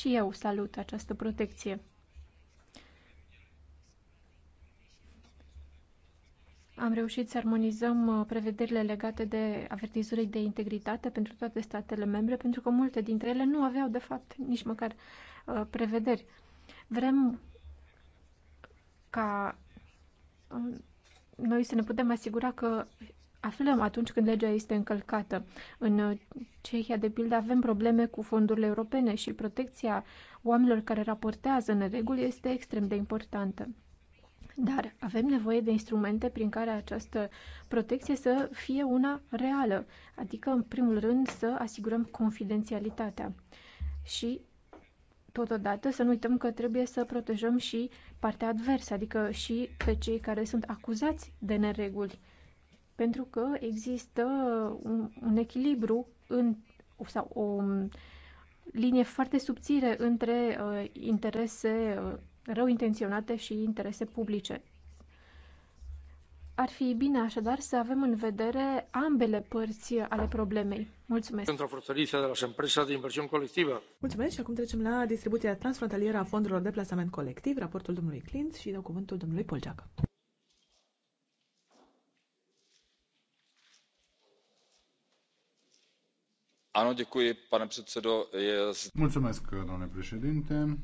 Și eu salut această protecție. Am reușit să armonizăm uh, prevederile legate de avertizurile de integritate pentru toate statele membre, pentru că multe dintre ele nu aveau, de fapt, nici măcar uh, prevederi. Vrem ca uh, noi să ne putem asigura că aflăm atunci când legea este încălcată. În uh, Cehia, de pildă, avem probleme cu fondurile europene și protecția oamenilor care raportează reguli este extrem de importantă. Dar avem nevoie de instrumente prin care această protecție să fie una reală, adică, în primul rând, să asigurăm confidențialitatea. Și, totodată, să nu uităm că trebuie să protejăm și partea adversă, adică și pe cei care sunt acuzați de nereguli pentru că există un, un echilibru în, sau o linie foarte subțire între uh, interese uh, rău intenționate și interese publice. Ar fi bine așadar să avem în vedere ambele părți ale problemei. Mulțumesc. Pentru fortăriția de la empresa de Inversiuni colectivă. Mulțumesc și acum trecem la distribuția transfrontalieră a fondurilor de plasament colectiv, raportul domnului Clint și de cuvântul domnului Polceac. domnule președinte.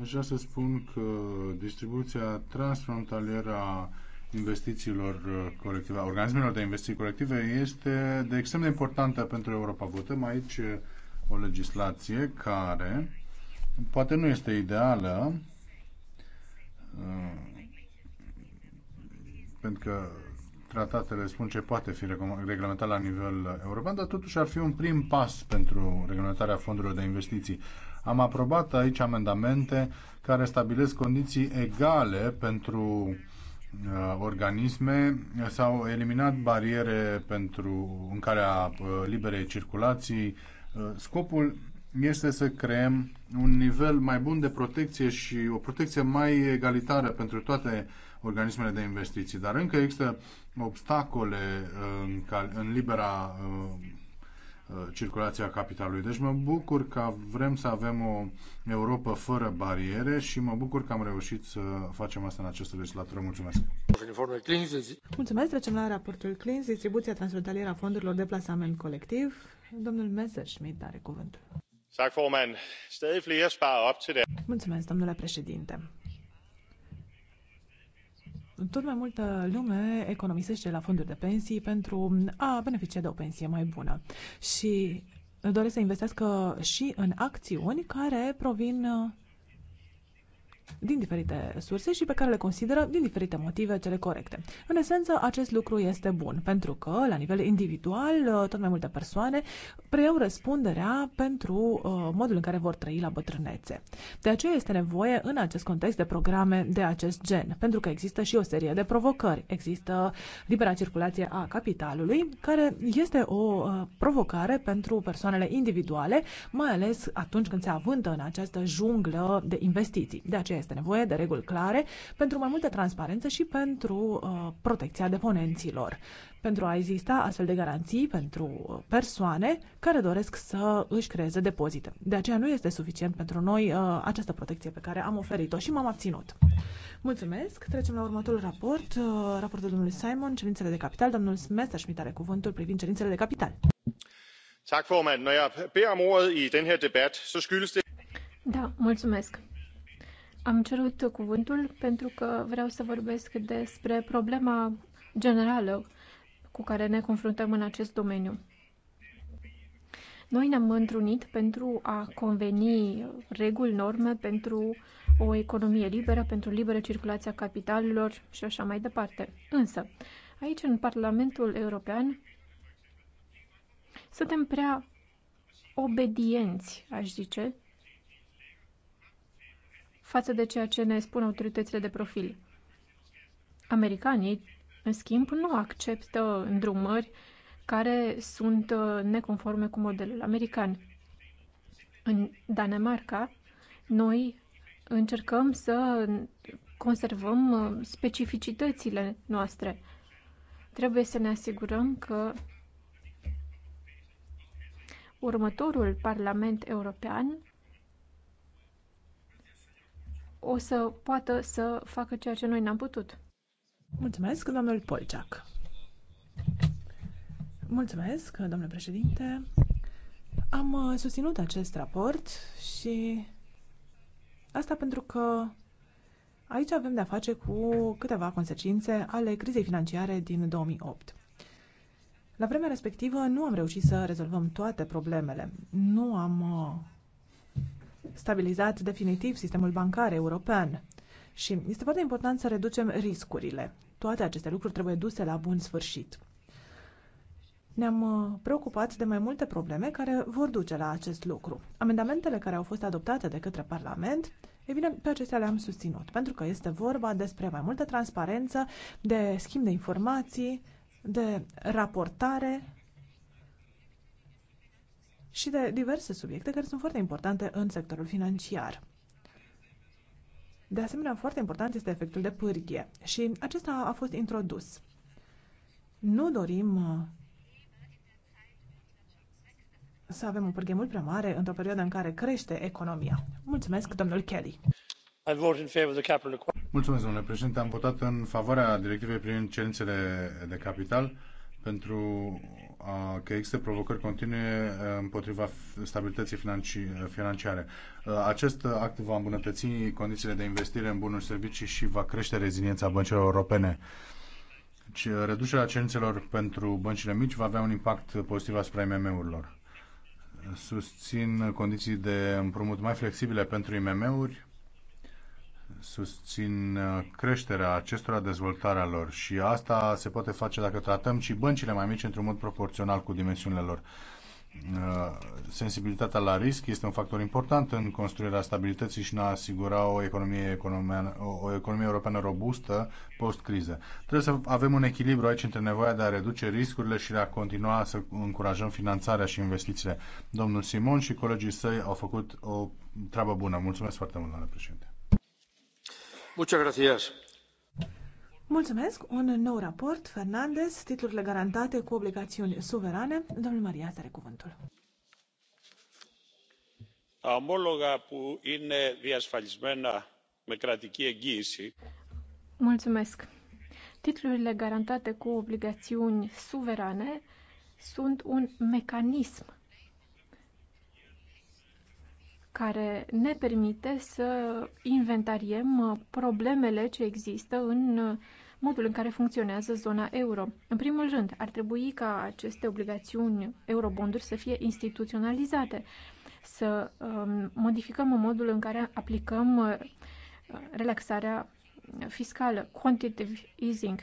Aș vrea să spun că distribuția transfrontalieră a investițiilor colective, a organismelor de investiții colective este de extrem de importantă pentru Europa. Votăm aici o legislație care poate nu este ideală uh, pentru că tratatele spun ce poate fi reglementat la nivel european, dar totuși ar fi un prim pas pentru reglementarea fondurilor de investiții. Am aprobat aici amendamente care stabilesc condiții egale pentru uh, organisme, s-au eliminat bariere pentru în calea uh, liberei circulații. Uh, scopul este să creăm un nivel mai bun de protecție și o protecție mai egalitară pentru toate uh, organismele de investiții. Dar încă există obstacole uh, în, în libera uh, uh, a capitalului. Deci mă bucur că vrem să avem o Europa fără bariere și mă bucur că am reușit să facem asta în această legislatură. Mulțumesc! Mulțumesc! Trecem la raportul CLINS, distribuția transfrontalieră a fondurilor de plasament colectiv. Domnul Messerschmidt are cuvântul. Mulțumesc, domnule președinte tot mai multă lume economisește la fonduri de pensii pentru a beneficia de o pensie mai bună. Și doresc să investească și în acțiuni care provin din diferite surse și pe care le consideră din diferite motive cele corecte. În esență, acest lucru este bun, pentru că, la nivel individual, uh, tot mai multe persoane preiau răspunderea pentru uh, modul în care vor trăi la bătrânețe. De aceea este nevoie, în acest context, de programe de acest gen, pentru că există și o serie de provocări. Există libera circulație a capitalului, care este o uh, provocare pentru persoanele individuale, mai ales atunci când se avântă în această junglă de investiții. De aceea este nevoie de reguli clare pentru mai multă transparență și pentru uh, protecția deponenților. Pentru a exista astfel de garanții pentru uh, persoane care doresc să își creeze depozite. De aceea nu este suficient pentru noi uh, această protecție pe care am oferit-o și m-am abținut. Mulțumesc. Trecem la următorul raport. Uh, raportul domnului Simon, cerințele de capital. Domnul Messerschmidt are cuvântul privind cerințele de capital. Tak, formand. Når jeg beder om ordet i den her debat, så skyldes det... Da, mulțumesc. Am cerut cuvântul pentru că vreau să vorbesc despre problema generală cu care ne confruntăm în acest domeniu. Noi ne-am întrunit pentru a conveni reguli, norme pentru o economie liberă, pentru liberă circulație a capitalelor și așa mai departe. Însă, aici, în Parlamentul European, suntem prea obedienți, aș zice, față de ceea ce ne spun autoritățile de profil. Americanii, în schimb, nu acceptă îndrumări care sunt uh, neconforme cu modelul american. În Danemarca, noi încercăm să conservăm uh, specificitățile noastre. Trebuie să ne asigurăm că următorul Parlament European o să poată să facă ceea ce noi n-am putut. Mulțumesc, domnul Polceac. Mulțumesc, domnule președinte. Am uh, susținut acest raport și asta pentru că aici avem de-a face cu câteva consecințe ale crizei financiare din 2008. La vremea respectivă nu am reușit să rezolvăm toate problemele. Nu am uh, stabilizat definitiv sistemul bancar european. Și este foarte important să reducem riscurile. Toate aceste lucruri trebuie duse la bun sfârșit. Ne-am uh, preocupat de mai multe probleme care vor duce la acest lucru. Amendamentele care au fost adoptate de către Parlament, e bine, pe acestea le-am susținut, pentru că este vorba despre mai multă transparență, de schimb de informații, de raportare și de diverse subiecte care sunt foarte importante în sectorul financiar. De asemenea, foarte important este efectul de pârghie și acesta a fost introdus. Nu dorim uh, să avem o pârghie mult prea mare într-o perioadă în care crește economia. Mulțumesc, domnul Kelly. Mulțumesc, domnule președinte. Am votat în favoarea directivei privind cerințele de capital pentru că există provocări continue împotriva stabilității financiare. Acest act va îmbunătăți condițiile de investire în bunuri și servicii și va crește reziliența băncilor europene. Reducerea cerințelor pentru băncile mici va avea un impact pozitiv asupra IMM-urilor. Susțin condiții de împrumut mai flexibile pentru IMM-uri, susțin uh, creșterea acestora, dezvoltarea lor și asta se poate face dacă tratăm și băncile mai mici într-un mod proporțional cu dimensiunile lor. Uh, sensibilitatea la risc este un factor important în construirea stabilității și în a asigura o economie, o economie europeană robustă post-criză. Trebuie să avem un echilibru aici între nevoia de a reduce riscurile și de a continua să încurajăm finanțarea și investițiile. Domnul Simon și colegii săi au făcut o treabă bună. Mulțumesc foarte mult, doamnă președinte. Mulțumesc. Un nou raport, Fernandez, titlurile garantate cu obligațiuni suverane. Domnul Maria, are cuvântul. Τα ομόλογα που είναι διασφαλισμένα με κρατική εγγύηση. Mulțumesc. Titlurile garantate cu obligațiuni suverane sunt un mecanism care ne permite să inventariem uh, problemele ce există în uh, modul în care funcționează zona euro. În primul rând, ar trebui ca aceste obligațiuni eurobonduri să fie instituționalizate, să um, modificăm modul în care aplicăm uh, relaxarea fiscală, quantitative easing.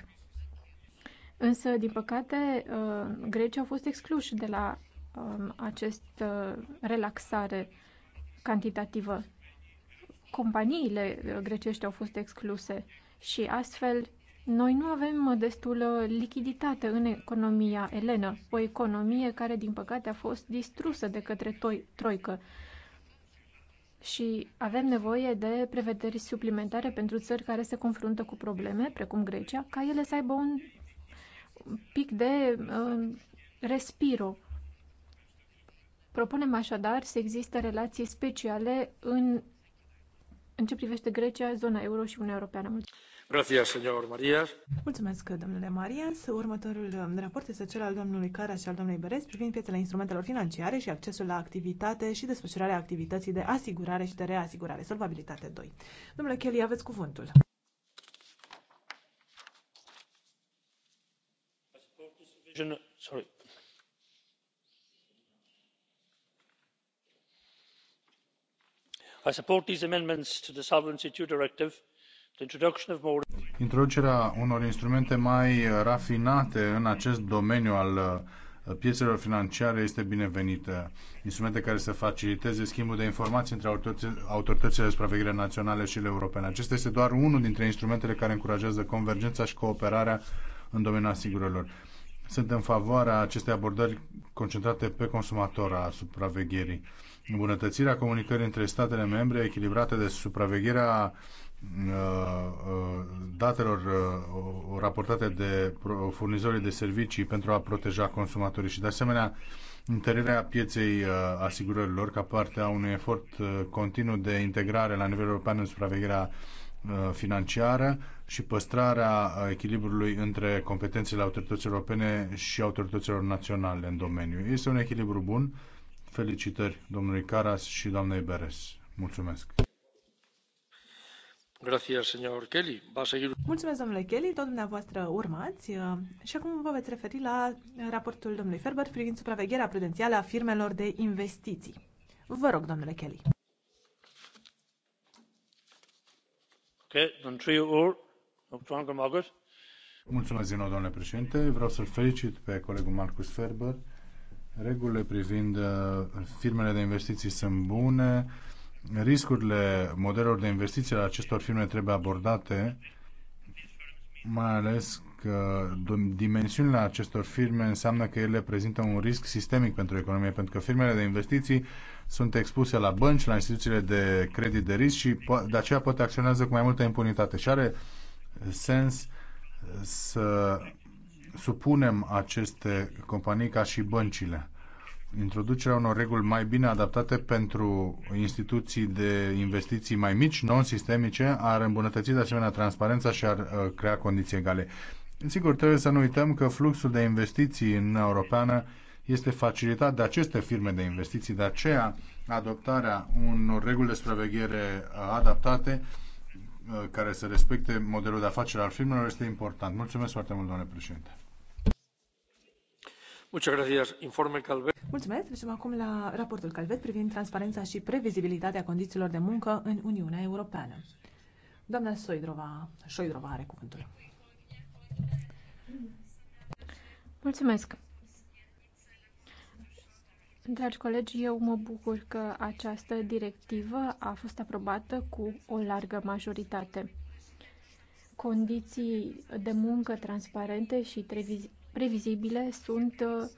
Însă, din păcate, grecii au fost excluși de la um, acest relaxare cantitativă. Companiile grecești au fost excluse și astfel noi nu avem destulă lichiditate în economia elenă, o economie care, din păcate, a fost distrusă de către to- troică. Și avem nevoie de prevederi suplimentare pentru țări care se confruntă cu probleme, precum Grecia, ca ele să aibă un pic de uh, respiro Propunem așadar să existe relații speciale în, în ce privește Grecia, zona euro și Uniunea Europeană. Gracias, señor Marías. Mulțumesc, domnule Marias. Următorul um, raport este cel al domnului Cara și al domnului Berez privind piețele instrumentelor financiare și accesul la activitate și desfășurarea activității de asigurare și de reasigurare, solvabilitate 2. Domnule Kelly, aveți cuvântul. Sorry. i support these amendments to the solvency ii directive the introduction of more. introducerea unor instrumente mai uh, rafinate în acest domeniu al uh, piețelor financiare este binevenită. Instrumente care să faciliteze schimbul de informații între autoritățile de supraveghere naționale și europene. Acesta este doar unul dintre instrumentele care încurajează convergența și cooperarea în domeniul asigurărilor sunt în favoarea acestei abordări concentrate pe consumator a supravegherii. Îmbunătățirea comunicării între statele membre echilibrate de supravegherea uh, uh, datelor uh, raportate de furnizorii de servicii pentru a proteja consumatorii și, de asemenea, întărirea pieței asigurărilor ca parte a unui efort continuu de integrare la nivel european în supravegherea financiară, și păstrarea echilibrului între competențele autorităților europene și autorităților naționale în domeniu. Este un echilibru bun. Felicitări domnului Caras și doamnei Beres. Mulțumesc. Gracias, señor Kelly. Va seguir... Mulțumesc, domnule Kelly. Tot dumneavoastră urmați. Și acum vă veți referi la raportul domnului Ferber privind supravegherea prudențială a firmelor de investiții. Vă rog, domnule Kelly. Okay, Mulțumesc din nou, domnule președinte. Vreau să-l felicit pe colegul Marcus Ferber. Regulile privind uh, firmele de investiții sunt bune. Riscurile modelelor de investiții ale acestor firme trebuie abordate, mai ales că dimensiunile acestor firme înseamnă că ele prezintă un risc sistemic pentru economie, pentru că firmele de investiții sunt expuse la bănci, la instituțiile de credit de risc și de aceea poate acționează cu mai multă impunitate. Și are sens să supunem aceste companii ca și băncile. Introducerea unor reguli mai bine adaptate pentru instituții de investiții mai mici, non-sistemice, ar îmbunătăți de asemenea transparența și ar uh, crea condiții egale. Sigur, trebuie să nu uităm că fluxul de investiții în Europeană este facilitat de aceste firme de investiții, de aceea adoptarea unor reguli de supraveghere uh, adaptate Uh, care să respecte modelul de afaceri al firmelor este important. Mulțumesc foarte mult, domnule președinte. Mulțumesc. Trecem acum la raportul Calvet privind transparența și previzibilitatea condițiilor de muncă în Uniunea Europeană. Doamna Soidrova, Soidrova are cuvântul. Mulțumesc. Dragi colegi, eu mă bucur că această directivă a fost aprobată cu o largă majoritate. Condiții de muncă transparente și previzibile sunt uh,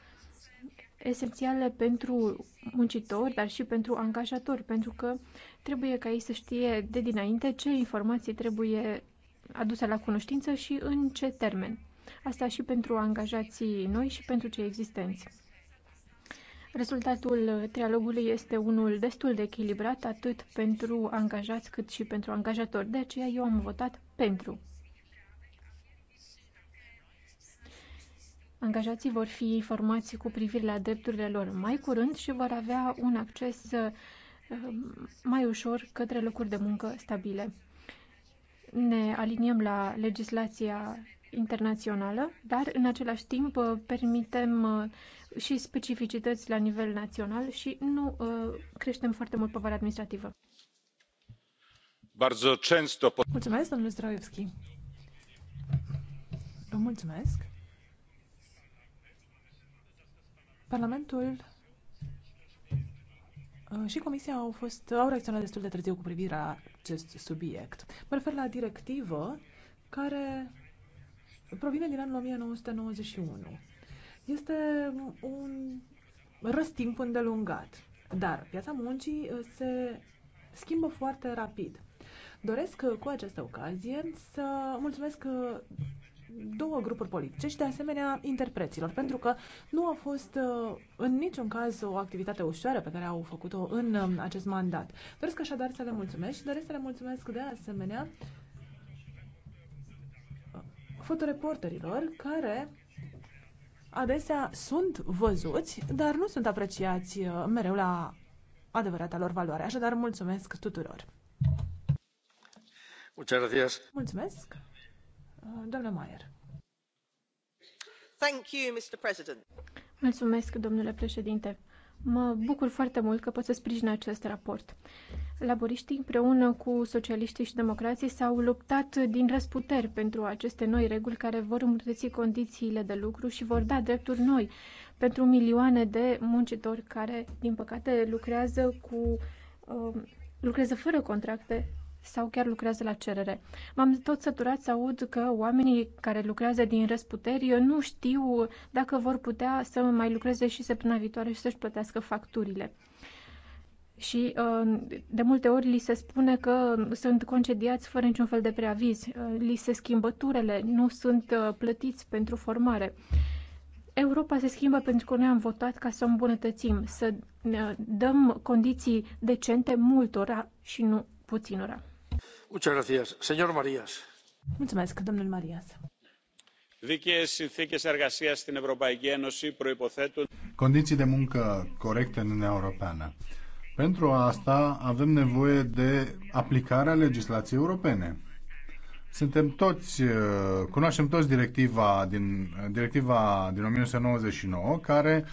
esențiale pentru muncitori, dar și pentru angajatori, pentru că trebuie ca ei să știe de dinainte ce informații trebuie aduse la cunoștință și în ce termen. Asta și pentru angajații noi și pentru cei existenți. Rezultatul trialogului este unul destul de echilibrat, atât pentru angajați cât și pentru angajatori. De aceea eu am votat pentru. Angajații vor fi informați cu privire la drepturile lor mai curând și vor avea un acces um, mai ușor către locuri de muncă stabile. Ne aliniem la legislația internațională, dar în același timp uh, permitem uh, și specificități la nivel național și nu uh, creștem foarte mult povara administrativă. Mulțumesc, domnule Zdroievski. Vă mulțumesc. Parlamentul uh, și Comisia au, fost, au reacționat destul de târziu cu privire la acest subiect. Mă refer la directivă care provine din anul 1991. Este un răstimp îndelungat, dar piața muncii uh, se schimbă foarte rapid. Doresc uh, cu această ocazie să mulțumesc uh, două grupuri politice și de asemenea interpreților, pentru că nu a fost în niciun caz o activitate ușoară pe care au făcut-o în um, acest mandat. Doresc așadar să le mulțumesc și doresc să le mulțumesc de asemenea fotoreporterilor care adesea sunt văzuți, dar nu sunt apreciați uh, mereu la adevărata lor valoare. Așadar, mulțumesc tuturor! Mulțumesc! Mulțumesc. Uh, Doamna Maier. Thank you, Mr. President. Mulțumesc, domnule președinte. Mă bucur foarte mult că pot să sprijin acest raport. Laboriștii împreună cu socialiștii și democrații s-au luptat din răsputeri pentru aceste noi reguli care vor îmbunătăți condițiile de lucru și vor da drepturi noi pentru milioane de muncitori care, din păcate, lucrează cu um, lucrează fără contracte sau chiar lucrează la cerere. M-am tot săturat să aud că oamenii care lucrează din răsputeri nu știu dacă vor putea să mai lucreze și săptămâna viitoare și să-și plătească facturile. Și uh, de multe ori li se spune că sunt concediați fără niciun fel de preaviz, uh, li se schimbă turele, nu sunt uh, plătiți pentru formare. Europa se schimbă pentru că noi am votat ca să o îmbunătățim, să dăm condiții decente multora și nu puținora. Mulțumesc, domnul Marias. Condiții de muncă corecte în Uniunea Europeană. Pentru asta avem nevoie de aplicarea legislației europene. Suntem toți, uh, cunoaștem toți directiva din, directiva din 1999 care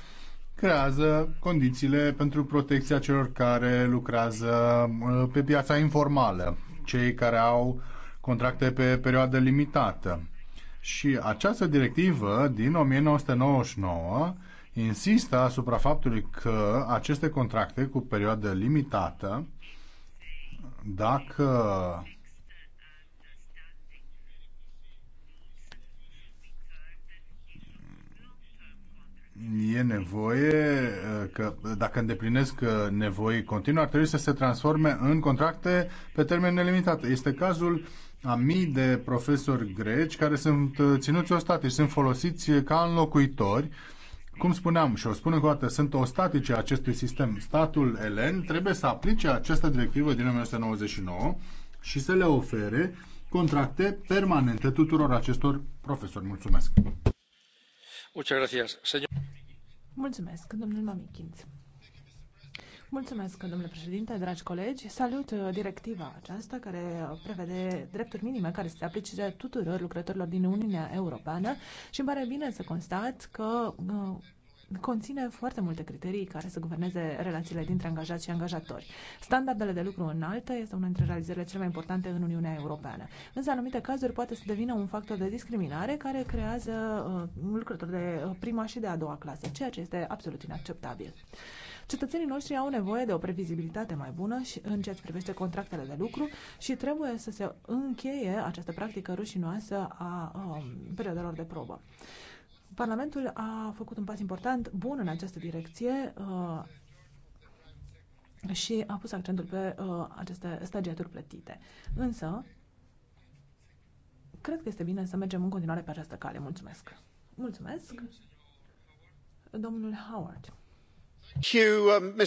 creează condițiile pentru protecția celor care lucrează uh, pe piața informală cei care au contracte pe perioadă limitată. Și această directivă din 1999 insistă asupra faptului că aceste contracte cu perioadă limitată, dacă e nevoie că dacă îndeplinesc nevoi continuă, ar trebui să se transforme în contracte pe termen nelimitat. Este cazul a mii de profesori greci care sunt ținuți ostatici, sunt folosiți ca înlocuitori. Cum spuneam și o spun încă o dată, sunt ostatice acestui sistem. Statul elen trebuie să aplice această directivă din 1999 și să le ofere contracte permanente tuturor acestor profesori. Mulțumesc! Mulțumesc, domnul Mamikins. Mulțumesc, domnule președinte, dragi colegi. Salut uh, directiva aceasta care prevede drepturi minime care să se aplice tuturor lucrătorilor din Uniunea Europeană și îmi pare bine să constat că uh, conține foarte multe criterii care să guverneze relațiile dintre angajați și angajatori. Standardele de lucru înalte este una dintre realizările cele mai importante în Uniunea Europeană. Însă, anumite cazuri poate să devină un factor de discriminare care creează uh, lucrători de uh, prima și de a doua clasă, ceea ce este absolut inacceptabil. Cetățenii noștri au nevoie de o previzibilitate mai bună și în ceea ce privește contractele de lucru și trebuie să se încheie această practică rușinoasă a um, perioadelor de probă. Parlamentul a făcut un pas important, bun în această direcție uh, și a pus accentul pe uh, aceste stagiaturi plătite. Însă, cred că este bine să mergem în continuare pe această cale. Mulțumesc! Mulțumesc! Domnul Howard. Uh,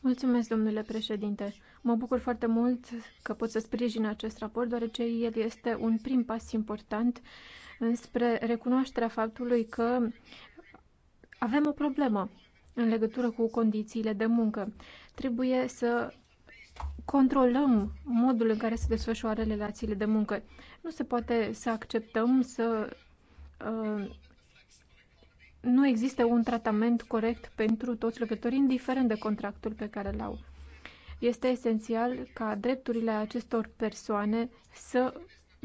Mulțumesc, domnule președinte. Mă bucur foarte mult că pot să sprijin acest raport, deoarece el este un prim pas important spre recunoașterea faptului că avem o problemă în legătură cu condițiile de muncă. Trebuie să controlăm modul în care se desfășoară relațiile de muncă. Nu se poate să acceptăm să uh, nu există un tratament corect pentru toți lucrătorii, indiferent de contractul pe care îl au. Este esențial ca drepturile acestor persoane să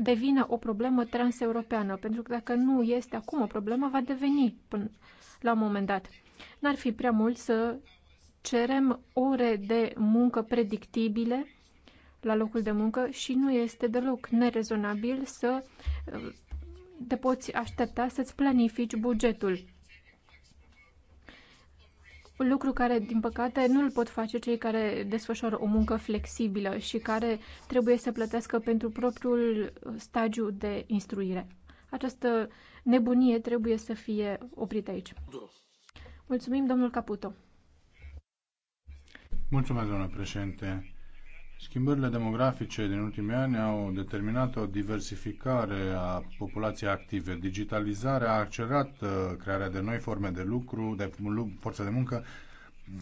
devină o problemă transeuropeană, pentru că dacă nu este acum o problemă, va deveni până la un moment dat. N-ar fi prea mult să cerem ore de muncă predictibile la locul de muncă și nu este deloc nerezonabil să eh, te poți aștepta să-ți planifici bugetul lucru care, din păcate, nu îl pot face cei care desfășoară o muncă flexibilă și care trebuie să plătească pentru propriul stagiu de instruire. Această nebunie trebuie să fie oprită aici. Mulțumim, domnul Caputo. Mulțumesc, doamnă președinte. Schimbările demografice din ultimii ani au determinat o diversificare a populației active. Digitalizarea a accelerat uh, crearea de noi forme de lucru, de forță de muncă,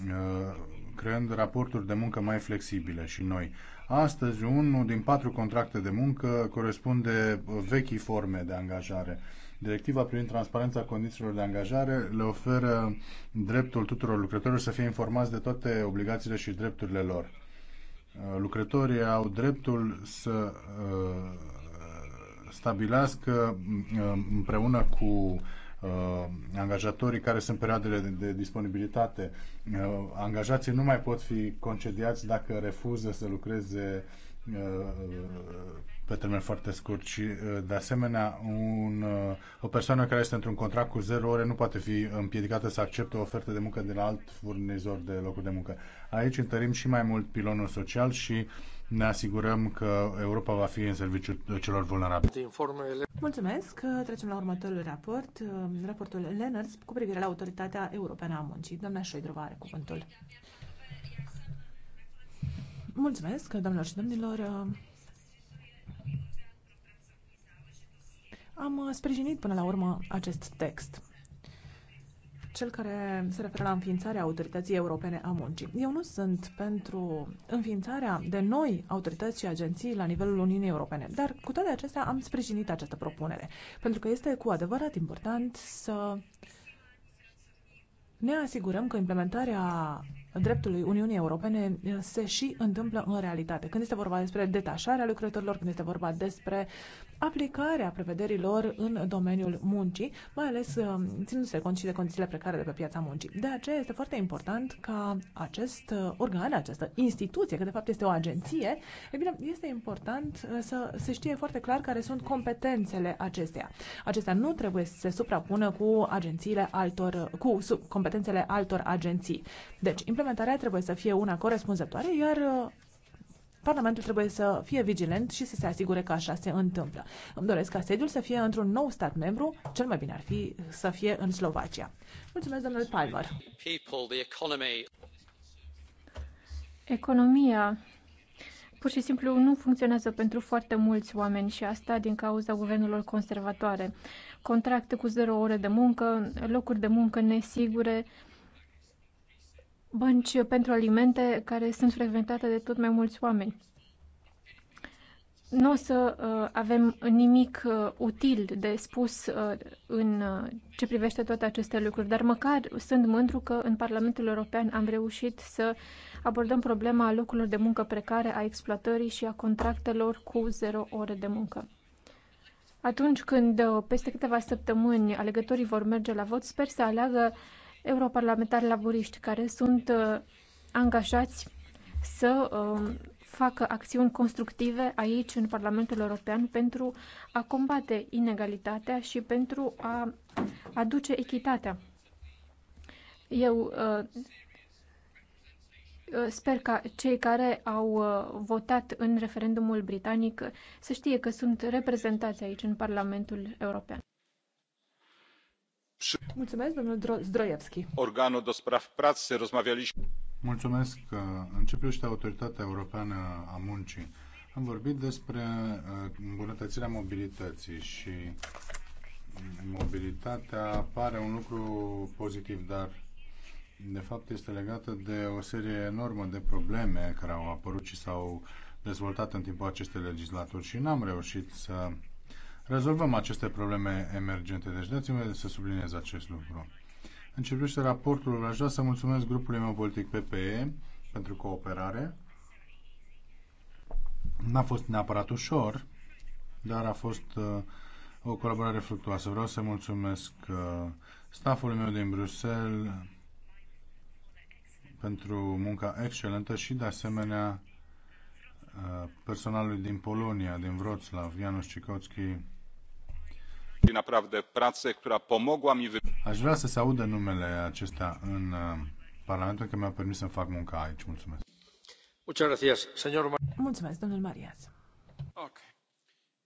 uh, creând raporturi de muncă mai flexibile și noi. Astăzi, unul din patru contracte de muncă corespunde vechii forme de angajare. Directiva privind transparența condițiilor de angajare le oferă dreptul tuturor lucrătorilor să fie informați de toate obligațiile și drepturile lor Uh, lucrătorii au dreptul să uh, stabilească uh, împreună cu angajatorii care sunt perioadele de, de disponibilitate. Angajații nu mai pot fi concediați dacă refuză să lucreze pe termen foarte scurt și, uh, de asemenea, un, uh, o persoană care este într-un contract cu 0 ore nu poate fi împiedicată să accepte o ofertă de muncă de la alt furnizor de locuri de muncă. Aici întărim și mai mult pilonul social și ne asigurăm că Europa va fi în serviciu celor vulnerabili. Mulțumesc. Trecem la următorul raport, uh, raportul Lenners cu privire la Autoritatea Europeană a Muncii. Doamna Șoidrova are cuvântul. Mulțumesc, doamnelor și domnilor. Am uh, sprijinit până la urmă acest text, cel care se referă la înființarea Autorității Europene a Muncii. Eu nu sunt pentru înființarea de noi autorități și agenții la nivelul Uniunii Europene, dar cu toate acestea am sprijinit această propunere, pentru că este cu adevărat important să ne asigurăm că implementarea dreptului Uniunii Europene se și întâmplă în realitate. Când este vorba despre detașarea lucrătorilor, când este vorba despre aplicarea prevederilor în domeniul muncii, mai ales ținându-se cont și de condițiile precare de pe piața muncii. De aceea este foarte important ca acest organ, această instituție, că de fapt este o agenție, e bine, este important să se știe foarte clar care sunt competențele acesteia. Acestea nu trebuie să se suprapună cu agențiile altor, cu competențele altor agenții. Deci, implementarea implementarea trebuie să fie una corespunzătoare, iar uh, Parlamentul trebuie să fie vigilent și să se asigure că așa se întâmplă. Îmi doresc ca sediul să fie într-un nou stat membru, cel mai bine ar fi să fie în Slovacia. Mulțumesc, domnul Palmer. Economia pur și simplu nu funcționează pentru foarte mulți oameni și asta din cauza guvernelor conservatoare. Contracte cu zero ore de muncă, locuri de muncă nesigure, bănci pentru alimente care sunt frecventate de tot mai mulți oameni. Nu o să uh, avem nimic uh, util de spus uh, în uh, ce privește toate aceste lucruri, dar măcar sunt mândru că în Parlamentul European am reușit să abordăm problema locurilor de muncă precare, a exploatării și a contractelor cu zero ore de muncă. Atunci când uh, peste câteva săptămâni alegătorii vor merge la vot, sper să aleagă uh, europarlamentari laburiști care sunt uh, angajați să um, facă acțiuni constructive aici, în Parlamentul European, pentru a combate inegalitatea și pentru a aduce echitatea. Eu uh, uh, Sper ca cei care au votat în referendumul britanic să știe că sunt reprezentați aici în Parlamentul European. Mulțumesc, domnul Zdrojewski. Organul de spraw pracy rozmawialiśmy. Mulțumesc. În ce privește Autoritatea Europeană a Muncii, am vorbit despre uh, îmbunătățirea mobilității și mobilitatea pare un lucru pozitiv, dar de fapt este legată de o serie enormă de probleme care au apărut și s-au dezvoltat în timpul acestei legislaturi și n-am reușit să rezolvăm aceste probleme emergente. Deci dați-mi să subliniez acest lucru. În ce privește raportul, aș vrea să mulțumesc grupului meu politic PPE pentru cooperare. N-a fost neapărat ușor, dar a fost uh, o colaborare fructuoasă. Vreau să mulțumesc uh, staffului meu din Bruxelles pentru munca excelentă și, de asemenea, uh, personalului din Polonia, din Wroclaw, Janusz Cikotski, naprawdę pracę, która pomogła mi... Aș vrea să se audă numele acestea în uh, Parlament, că mi-a permis să fac munca aici. Mulțumesc. Mulțumesc, domnul Marias. Ok.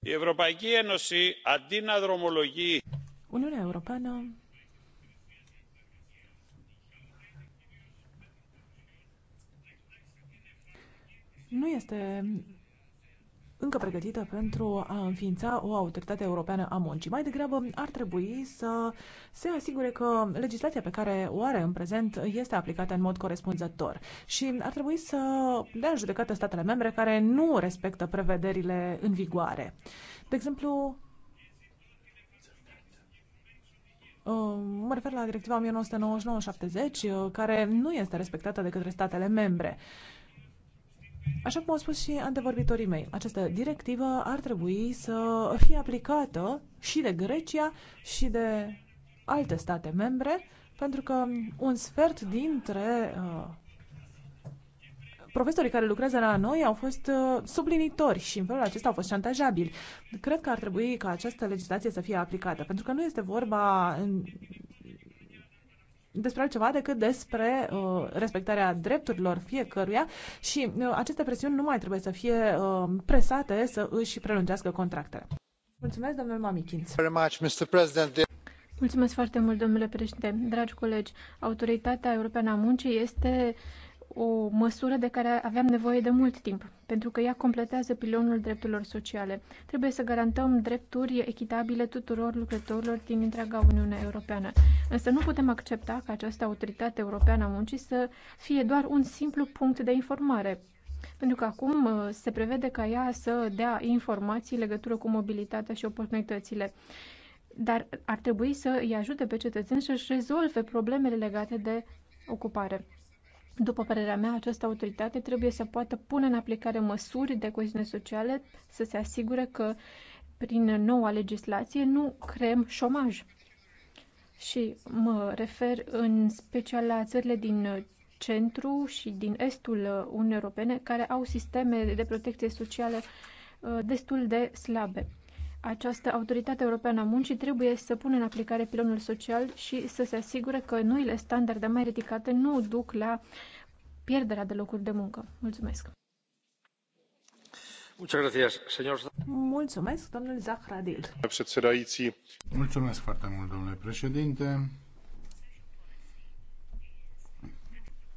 Η Ευρωπαϊκή Ένωση αντί να δρομολογεί... Uniunea Europeană nu este încă pregătită pentru a înființa o autoritate europeană a muncii. Mai degrabă ar trebui să se asigure că legislația pe care o are în prezent este aplicată în mod corespunzător și ar trebui să dea în judecată statele membre care nu respectă prevederile în vigoare. De exemplu, uh, Mă refer la directiva 1999-70, uh, care nu este respectată de către statele membre. Așa cum au spus și antevorbitorii mei, această directivă ar trebui să fie aplicată și de Grecia și de alte state membre, pentru că un sfert dintre uh, profesorii care lucrează la noi au fost uh, sublinitori și în felul acesta au fost șantajabili. Cred că ar trebui ca această legislație să fie aplicată, pentru că nu este vorba despre altceva decât despre uh, respectarea drepturilor fiecăruia și uh, aceste presiuni nu mai trebuie să fie uh, presate să își prelungească contractele. Mulțumesc, domnul Mamichinț. Mulțumesc foarte mult, domnule președinte. Dragi colegi, Autoritatea Europeană a Muncii este o măsură de care aveam nevoie de mult timp, pentru că ea completează pilonul drepturilor sociale. Trebuie să garantăm drepturi echitabile tuturor lucrătorilor din întreaga Uniune Europeană. Însă nu putem accepta ca această autoritate europeană a muncii să fie doar un simplu punct de informare, pentru că acum uh, se prevede ca ea să dea informații în legătură cu mobilitatea și oportunitățile. Dar ar trebui să îi ajute pe cetățeni să-și rezolve problemele legate de ocupare. După părerea mea, această autoritate trebuie să poată pune în aplicare măsuri de coeziune socială, să se asigure că prin noua legislație nu creăm șomaj. Și mă refer în special la țările din centru și din estul Uniunii Europene, care au sisteme de protecție socială uh, destul de slabe. Această autoritate europeană a muncii trebuie să pună în aplicare pilonul social și să se asigure că noile standarde mai ridicate nu duc la pierderea de locuri de muncă. Mulțumesc! Mulțumesc, domnul Zahradil. Mulțumesc foarte mult, domnule președinte.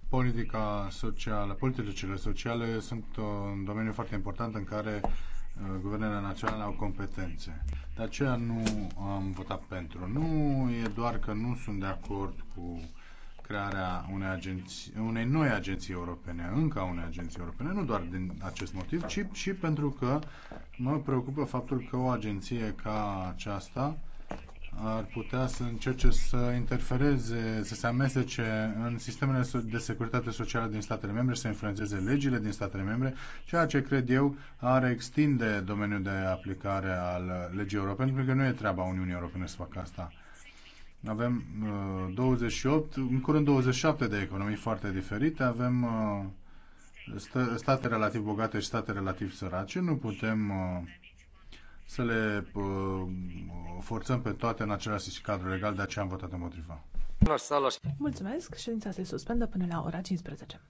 Politica socială, politicile sociale sunt un domeniu foarte important în care Uh, guvernele naționale au competențe. De aceea nu am votat pentru. Nu e doar că nu sunt de acord cu crearea unei, agenții, unei noi agenții europene, încă unei agenții europene, nu doar din acest motiv, ci și pentru că mă preocupă faptul că o agenție ca aceasta ar putea să încerce să interfereze, să se amestece în sistemele de securitate socială din statele membre, să influențeze legile din statele membre, ceea ce cred eu ar extinde domeniul de aplicare al legii europene, pentru că nu e treaba Uniunii Europene să facă asta. Avem uh, 28, în curând 27 de economii foarte diferite, avem uh, state relativ bogate și state relativ sărace, nu putem uh, să le uh, forțăm pe toate în același cadru legal, de aceea am votat împotriva. Mulțumesc, ședința se suspendă până la ora 15.